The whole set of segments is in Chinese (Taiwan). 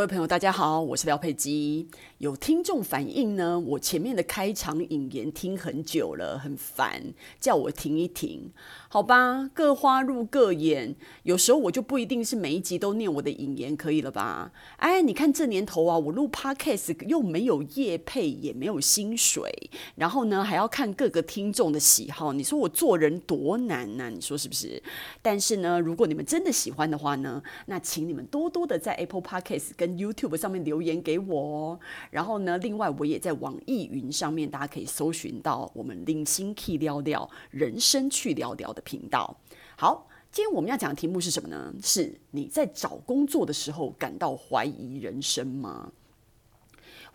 各位朋友，大家好，我是廖佩基。有聽眾反映呢，我前面的開場引言聽很久了，很煩，叫我停一停，好吧？各花入各眼，有時候我就不一定是每一集都念我的引言，可以了吧？哎，你看這年頭啊，我錄 Podcast 又沒有業配，也沒有薪水，然後呢，還要看各個聽眾的喜好，你說我做人多難吶，啊？你說是不是？但是呢，如果你們真的喜歡的話呢，那請你們多多的在 Apple Podcast 跟 YouTube 上面留言給我哦，然後呢，另外我也在網易雲上面，大家可以搜尋到我們零星 K 聊聊人生去聊聊的頻道。好，今天我們要講的題目是什麼呢？是你在找工作的時候感到懷疑人生嗎？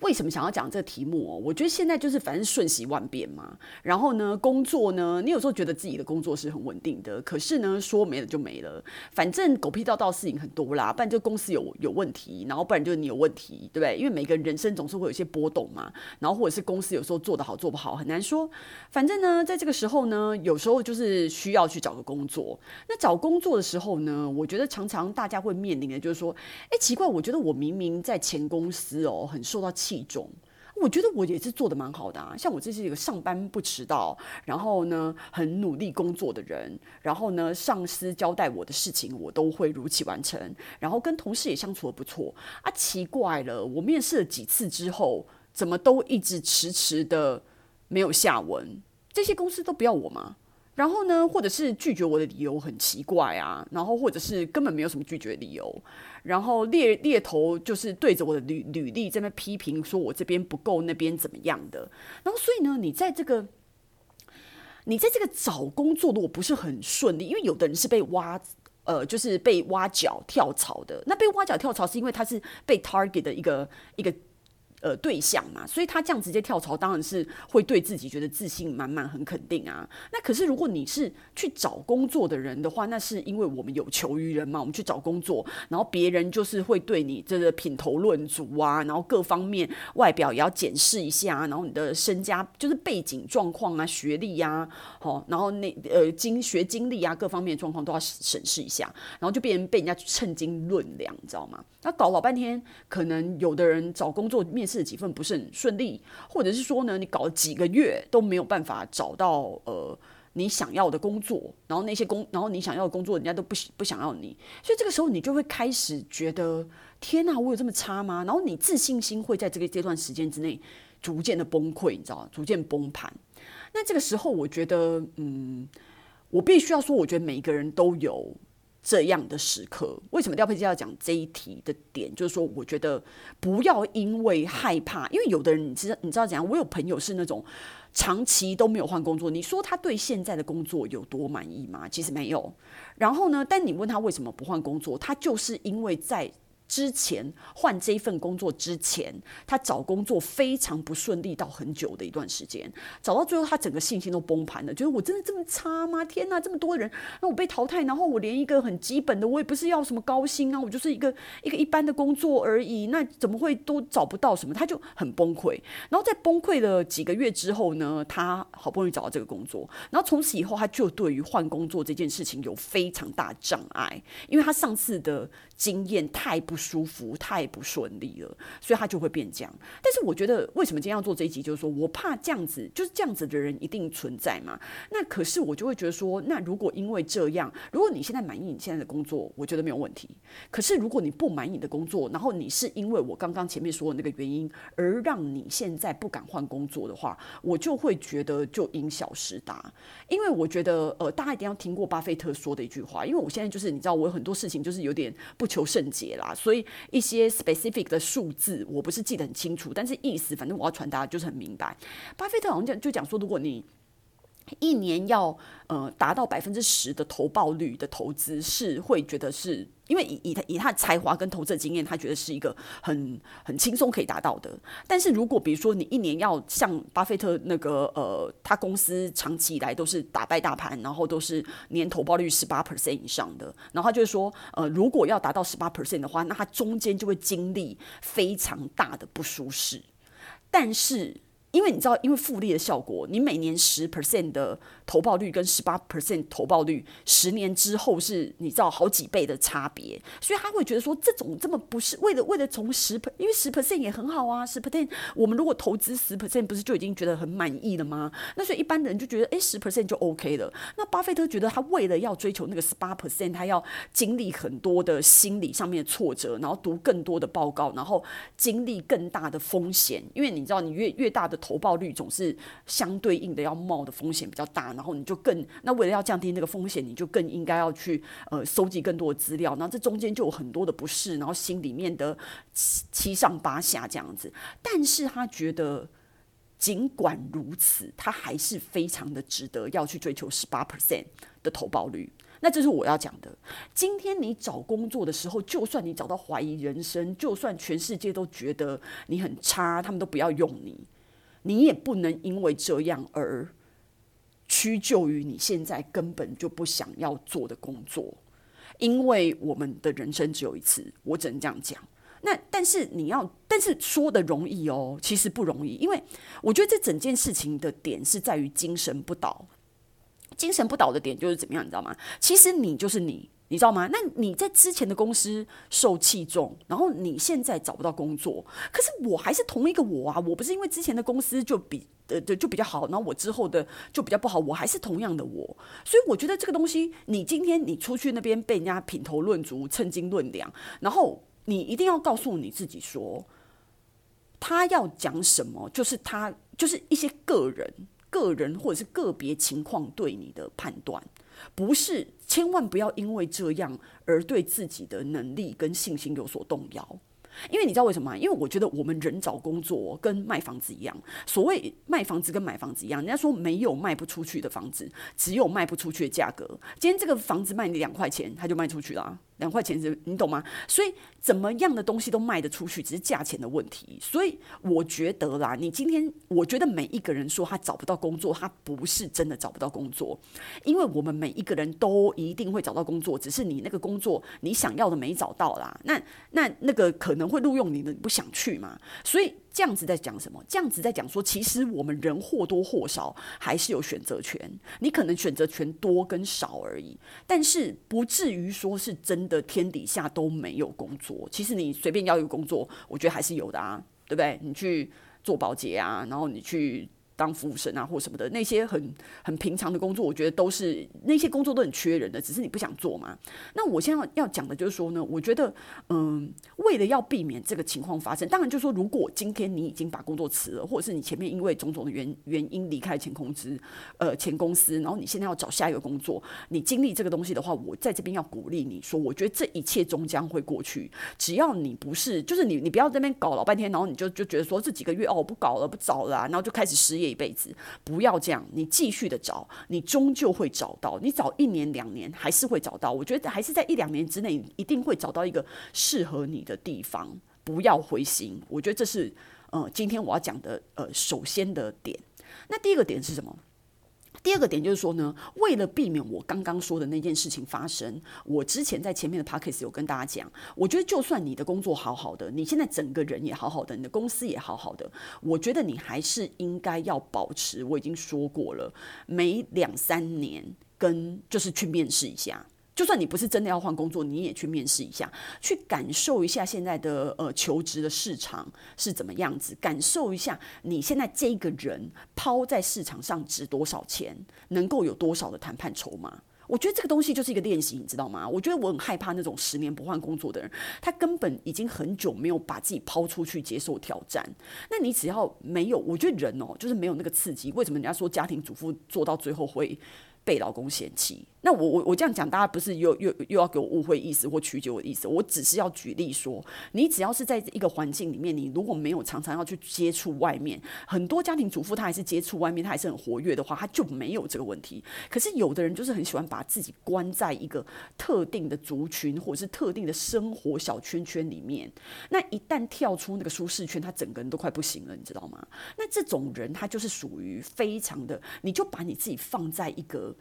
為什麼想要講這個題目喔？我覺得現在就是反正瞬息萬變嘛。然後呢，工作呢，你有時候覺得自己的工作是很穩定的，可是呢，說沒了就沒了。反正狗屁道道事情很多啦，不然就公司有有問題，然後不然就是你有問題，對不對？因為每個人生總是會有一些波動嘛。然後或者是公司有時候做得好做不好很難說。反正呢，在這個時候呢，有時候就是需要去找個工作。那找工作的時候呢，我覺得常常大家會面臨的，就是說，哎，奇怪，我覺得我明明在前公司喔，很受到。器重，我覺得我也是做的蠻好的啊。像我這是一個上班不遲到，然後呢，很努力工作的人，然後呢，上司交代我的事情我都會如期完成，然後跟同事也相處的不錯啊。奇怪了，我面試了幾次之後，怎麼都一直遲遲的沒有下文？這些公司都不要我嗎？然後呢，或者是拒絕我的理由很奇怪啊，然後或者是根本沒有什麼拒絕理由，然後獵獵頭就是對着我的履履歷在那批評，說我這邊不夠，那邊怎麼樣的，然後所以呢，你在這個，你在這個找工作如果不是很順利，因為有的人是被挖，呃，就是被挖角跳槽的，那被挖角跳槽是因為他是被 target 的一個一個。呃，對象嘛，所以他這樣直接跳槽，當然是會對自己覺得自信滿滿、很肯定啊。那可是如果你是去找工作的人的話，那是因為我們有求於人嘛。我們去找工作，然後別人就是會對你這個品頭論足啊，然後各方面外表也要檢視一下、啊、然後你的身家就是背景狀況啊、學歷呀、啊、好、哦，然後那呃經學經歷啊，各方面狀況都要審視一下，然後就變成被人家稱斤論兩，你知道嗎？那搞了半天，可能有的人找工作面試，這幾份不是很順利，或者是說呢，你搞幾個月都沒有辦法找到呃你想要的工作，然後那些工，然後你想要的工作，人家都不不想要你，所以這個時候你就會開始覺得，天哪，我有這麼差嗎？然後你自信心會在這個這段時間之內逐漸的崩潰，你知道嗎？逐漸崩盤。那這個時候，我覺得，嗯，我必須要說，我覺得每一個人都有。這樣的時刻，為什麼廖佩芝要講這一題的點？就是說，我覺得不要因為害怕，因為有的人，你知道，你知道怎樣？我有朋友是那種長期都沒有換工作，你說他對現在的工作有多滿意嗎？其實沒有。然後呢，但你問他為什麼不換工作，他就是因為在，之前換這一份工作之前，他找工作非常不順利，到很久的一段時間，找到最後他整個信心都崩盤了，覺得我真的這麼差嗎？天哪，這麼多人，那我被淘汰，然後我連一個很基本的，我也不是要什麼高薪啊，我就是一個一個一般的工作而已，那怎麼會都找不到什麼？他就很崩潰。然後在崩潰了幾個月之後呢，他好不容易找到這個工作，然後從此以後他就對於換工作這件事情有非常大障礙，因為他上次的經驗太不……不舒服，太不順利了，所以他就會變這樣。但是我覺得，為什麼今天要做這一集？就是說我怕這樣子，就是這樣子的人一定存在嘛。那可是我就會覺得說，那如果因為這樣，如果你現在滿意你現在的工作，我覺得沒有問題。可是如果你不滿意你的工作，然後你是因為我剛剛前面說的那個原因而讓你現在不敢換工作的話，我就會覺得就因小失大。因為我覺得，呃，大家一定要聽過巴菲特說的一句話。因為我現在就是你知道，我有很多事情就是有點不求甚解啦。所以一些 specific 的數字我不是記得很清楚，但是意思反正我要傳達就是很明白。巴菲特好像就就講說，如果你一年要呃，達到百分之十的投報率的投資是會覺得是。因為以以他以他的才華跟投資的經驗，他覺得是一個很很輕鬆可以達到的。但是如果比如說你一年要像巴菲特那個呃，他公司長期以來都是打敗大盤，然後都是年投報率十八 percent 以上的。然後他就說呃，如果要達到十八 percent 的話，那他中間就會經歷非常大的不舒適。但是因為你知道，因為複利的效果，你每年十 percent 的投報率跟十八 percent 投報率，十年之後是你知道好幾倍的差別，所以他會覺得說，這種這麼不是為了為了從十，因為十 percent 也很好啊10，十 percent 我們如果投資十 percent 不是就已經覺得很滿意了嗎？那所以一般人就覺得誒10，哎，十 percent 就 OK 了。那巴菲特覺得他為了要追求那個十八 percent，他要經歷很多的心理上面的挫折，然後讀更多的報告，然後經歷更大的風險，因為你知道，你越越大的。投報率總是相對應的，要冒的風險比較大，然後你就更那，為了要降低那個風險，你就更應該要去呃收集更多的資料。那這中間就有很多的不適，然後心裡面的七七上八下這樣子。但是他覺得儘管如此，他還是非常的值得要去追求十八 percent 的投報率。那這是我要講的。今天你找工作的時候，就算你找到懷疑人生，就算全世界都覺得你很差，他們都不要用你。你也不能因為這樣而屈就於你現在根本就不想要做的工作，因為我們的人生只有一次，我只能這樣講。那但是你要，但是說的容易哦，其實不容易，因為我覺得這整件事情的點是在於精神不倒。精神不倒的點就是怎麼樣，你知道嗎？其實你就是你。你知道嗎？那你在之前的公司受器重，然後你現在找不到工作，可是我還是同一個我啊！我不是因為之前的公司就比呃就就比較好，然後我之後的就比較不好，我還是同樣的我。所以我覺得這個東西，你今天你出去那邊被人家品頭論足、稱斤論兩，然後你一定要告訴你自己說，他要講什麼，就是他就是一些個人、個人或者是個別情況對你的判斷。不是，千萬不要因為這樣而對自己的能力跟信心有所動搖。因為你知道為什麼嗎？因為我覺得我們人找工作跟賣房子一樣，所謂賣房子跟買房子一樣，人家說沒有賣不出去的房子，只有賣不出去的價格。今天這個房子賣你兩塊錢，它就賣出去啦。兩塊錢，你懂嗎？所以怎麼樣的東西都賣得出去，只是價錢的問題。所以我覺得啦，你今天我覺得每一個人說他找不到工作，他不是真的找不到工作，因為我們每一個人都一定會找到工作，只是你那個工作你想要的沒找到啦。那那那個可能會錄用你的，你不想去嘛？所以。這樣子在講什麼？這樣子在講說，其實我們人或多或少還是有選擇權，你可能選擇權多跟少而已，但是不至於說是真的天底下都沒有工作。其實你隨便要一個工作，我覺得還是有的啊，對不對？你去做保潔啊，然後你去。當服務生啊，或什麼的那些很很平常的工作，我覺得都是那些工作都很缺人的，只是你不想做嘛。那我現在要講的就是說呢，我覺得，嗯，為了要避免這個情況發生，當然就是說，如果今天你已經把工作辭了，或者是你前面因為種種的原原因離開前公司，呃，前公司，然後你現在要找下一個工作，你經歷這個東西的話，我在這邊要鼓勵你說，我覺得這一切終將會過去。只要你不是，就是你，你不要在那邊搞老半天，然後你就就覺得說這幾個月哦，我不搞了，不找了，啊，然後就開始失業。這一輩子不要這樣，你繼續的找，你終究會找到。你找一年兩年還是會找到，我覺得還是在一兩年之內，你一定會找到一個適合你的地方。不要灰心，我覺得這是呃，今天我要講的呃，首先的點。那第一個點是什麼？第二個點就是說呢，為了避免我剛剛說的那件事情發生，我之前在前面的 Podcast 有跟大家講，我覺得就算你的工作好好的，你現在整個人也好好的，你的公司也好好的，我覺得你還是應該要保持。我已經說過了，每兩三年跟就是去面試一下。就算你不是真的要換工作，你也去面試一下，去感受一下現在的呃求職的市場是怎麼樣子，感受一下你現在這個人拋在市場上值多少錢，能夠有多少的談判籌碼。我覺得這個東西就是一個練習，你知道嗎？我覺得我很害怕那種十年不換工作的人，他根本已經很久沒有把自己拋出去接受挑戰。那你只要沒有，我覺得人哦，就是沒有那個刺激。為什麼人家說家庭主婦做到最後會被老公嫌棄？那我我我這樣講，大家不是又又又要給我誤會意思或曲解我的意思？我只是要舉例說，你只要是在一個環境裡面，你如果沒有常常要去接觸外面，很多家庭主婦她還是接觸外面，她還是很活躍的話，她就沒有這個問題。可是有的人就是很喜歡把自己關在一個特定的族群或者是特定的生活小圈圈裡面，那一旦跳出那個舒適圈，他整個人都快不行了，你知道嗎？那這種人他就是屬於非常的，你就把你自己放在一個。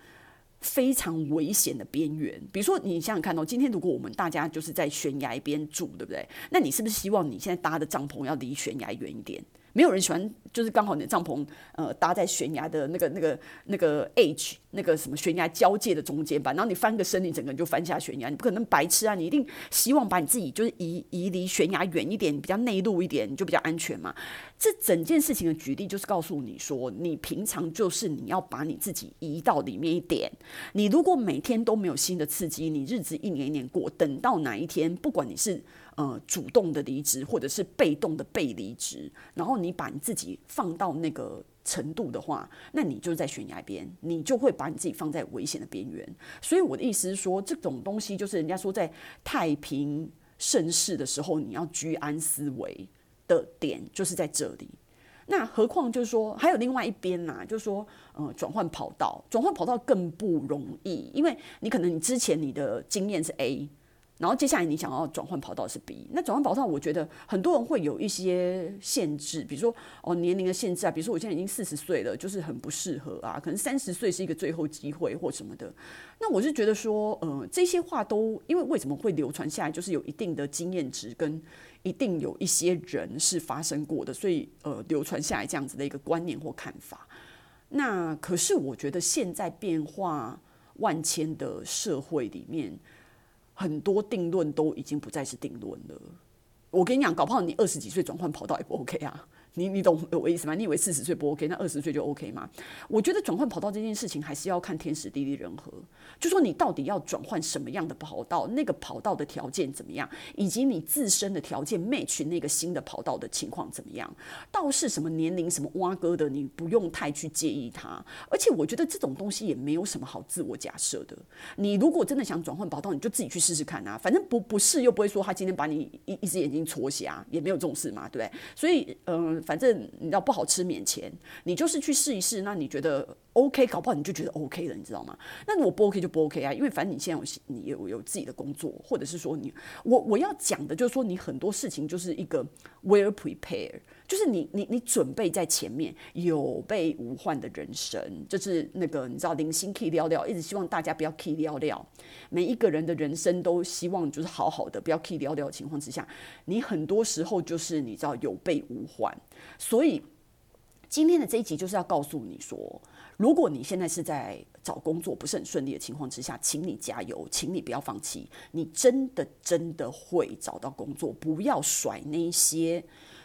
非常危險的邊緣，比如說，你想想看哦，今天如果我們大家就是在懸崖邊住，對不對？那你是不是希望你現在搭的帳篷要離懸崖遠一點？沒有人喜歡，就是剛好你的帳篷呃搭在懸崖的那個、那個、那個 edge 那個什麼懸崖交界的中間吧。然後你翻個身，你整個人就翻下懸崖。你不可能白痴啊！你一定希望把你自己就是移移離懸崖遠一點，比較內陸一點，你就比較安全嘛。這整件事情的舉例就是告訴你說，你平常就是你要把你自己移到裡面一點。你如果每天都沒有新的刺激，你日子一年一年過，等到哪一天，不管你是呃，主動的離職或者是被動的被離職，然後你把你自己放到那個程度的話，那你就在懸崖邊，你就會把你自己放在危險的邊緣。所以我的意思是說，這種東西就是人家說在太平盛世的時候，你要居安思危的點就是在這裡。那何況就是說，還有另外一邊啦、啊，就是說，嗯、呃，轉換跑道，轉換跑道更不容易，因為你可能你之前你的經驗是 A。然後接下來你想要轉換跑道是 B，那轉換跑道我覺得很多人會有一些限制，比如說哦，年齡的限制啊，比如說我現在已經四十歲了，就是很不適合啊，可能三十歲是一個最後機會或什麼的。那我是覺得說，呃，這些話都因為為什麼會流傳下來，就是有一定的經驗值跟一定有一些人是發生過的，所以呃流傳下來這樣子的一個觀念或看法。那可是我覺得現在變化萬千的社會裡面。很多定論都已經不再是定論了。我跟你講，搞不好你二十幾歲轉換跑道也不 OK 啊。你你懂我意思嗎？你以為四十歲不 OK，那二十歲就 OK 嗎？我覺得轉換跑道這件事情還是要看天時地利人和。就說你到底要轉換什麼樣的跑道，那個跑道的條件怎麼樣，以及你自身的條件 match 那個新的跑道的情況怎麼樣。倒是什麼年齡，什麼挖哥的，你不用太去介意他。而且我覺得這種東西也沒有什麼好自我假設的。你如果真的想轉換跑道，你就自己去試試看啊。反正不不試又不會說他今天把你一一只眼睛戳瞎，也沒有這種事嘛，對不對？所以嗯。呃反正你要不好吃免錢，你就是去試一試，那你覺得 OK，搞不好你就覺得 OK 了，你知道嗎？那我不 OK 就不 OK 啊，因為反正你現在有你有有自己的工作，或者是說你我我要講的就是說你很多事情就是一個 well prepared。就是你你你準備在前面有備無患的人生，就是那個你知道零星 key 聊聊，一直希望大家不要 key 聊聊。每一個人的人生都希望就是好好的，不要 key 聊聊的情況之下，你很多時候就是你知道有備無患。所以今天的這一集就是要告訴你說，如果你現在是在找工作不是很順利的情況之下，請你加油，請你不要放棄，你真的真的會找到工作，不要甩那些。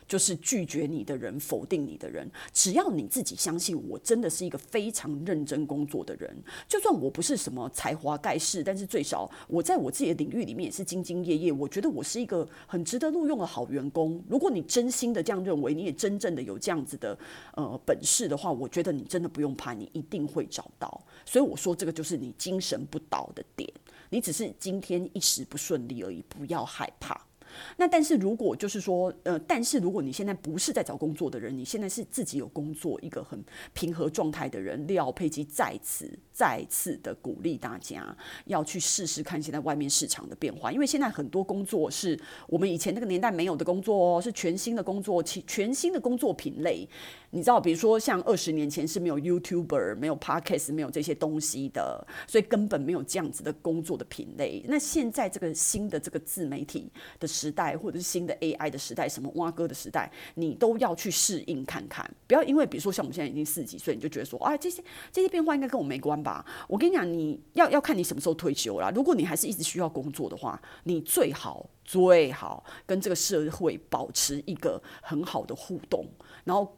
就是拒絕你的人，否定你的人，只要你自己相信，我真的是一個非常認真工作的人。就算我不是什麼才華蓋世，但是最少我在我自己的領域裡面也是兢兢業業。我覺得我是一個很值得錄用的好員工。如果你真心的這樣認為，你也真正的有這樣子的呃本事的話，我覺得你真的不用怕，你一定會找到。所以我說，這個就是你精神不倒的點。你只是今天一時不順利而已，不要害怕。那但是，如果就是說，呃，但是如果你現在不是在找工作的人，你現在是自己有工作，一個很平和狀態的人，廖佩吉再次、再次的鼓勵大家要去試試看現在外面市場的變化，因為現在很多工作是我們以前那個年代沒有的工作哦，是全新的工作，全新的工作品類。你知道，比如說像二十年前是沒有 YouTuber、沒有 Podcast、沒有這些東西的，所以根本沒有這樣子的工作的品類。那現在這個新的這個自媒體的時時代或者是新的 AI 的時代，什麼挖哥的時代，你都要去適應看看。不要因為比如說像我們現在已經四十幾歲，所以你就覺得說啊，這些這些變化應該跟我沒關吧？我跟你講，你要要看你什麼時候退休啦。如果你還是一直需要工作的話，你最好最好跟這個社會保持一個很好的互動，然後。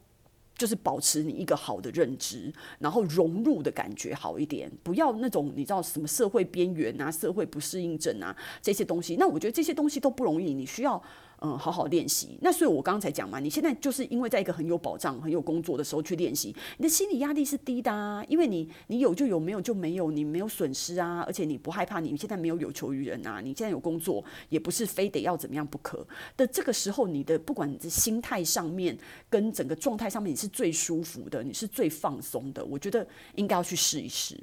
就是保持你一個好的認知，然後融入的感覺好一點，不要那種你知道什麼社會邊緣啊、社會不適應症啊這些東西。那我覺得這些東西都不容易，你需要。嗯，好好練習。那所以我剛才講嘛，你現在就是因為在一個很有保障、很有工作的時候去練習，你的心理壓力是低的啊，因為你你有就有，沒有就沒有，你沒有損失啊，而且你不害怕，你現在沒有有求於人啊，你現在有工作也不是非得要怎麼樣不可的。這個時候，你的不管你的心態上面跟整個狀態上面，你是最舒服的，你是最放鬆的。我覺得應該要去試一試。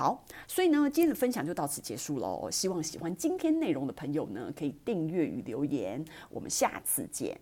好，所以呢，今天的分享就到此結束嘍。希望喜歡今天內容的朋友呢，可以訂閱與留言。我們下次見。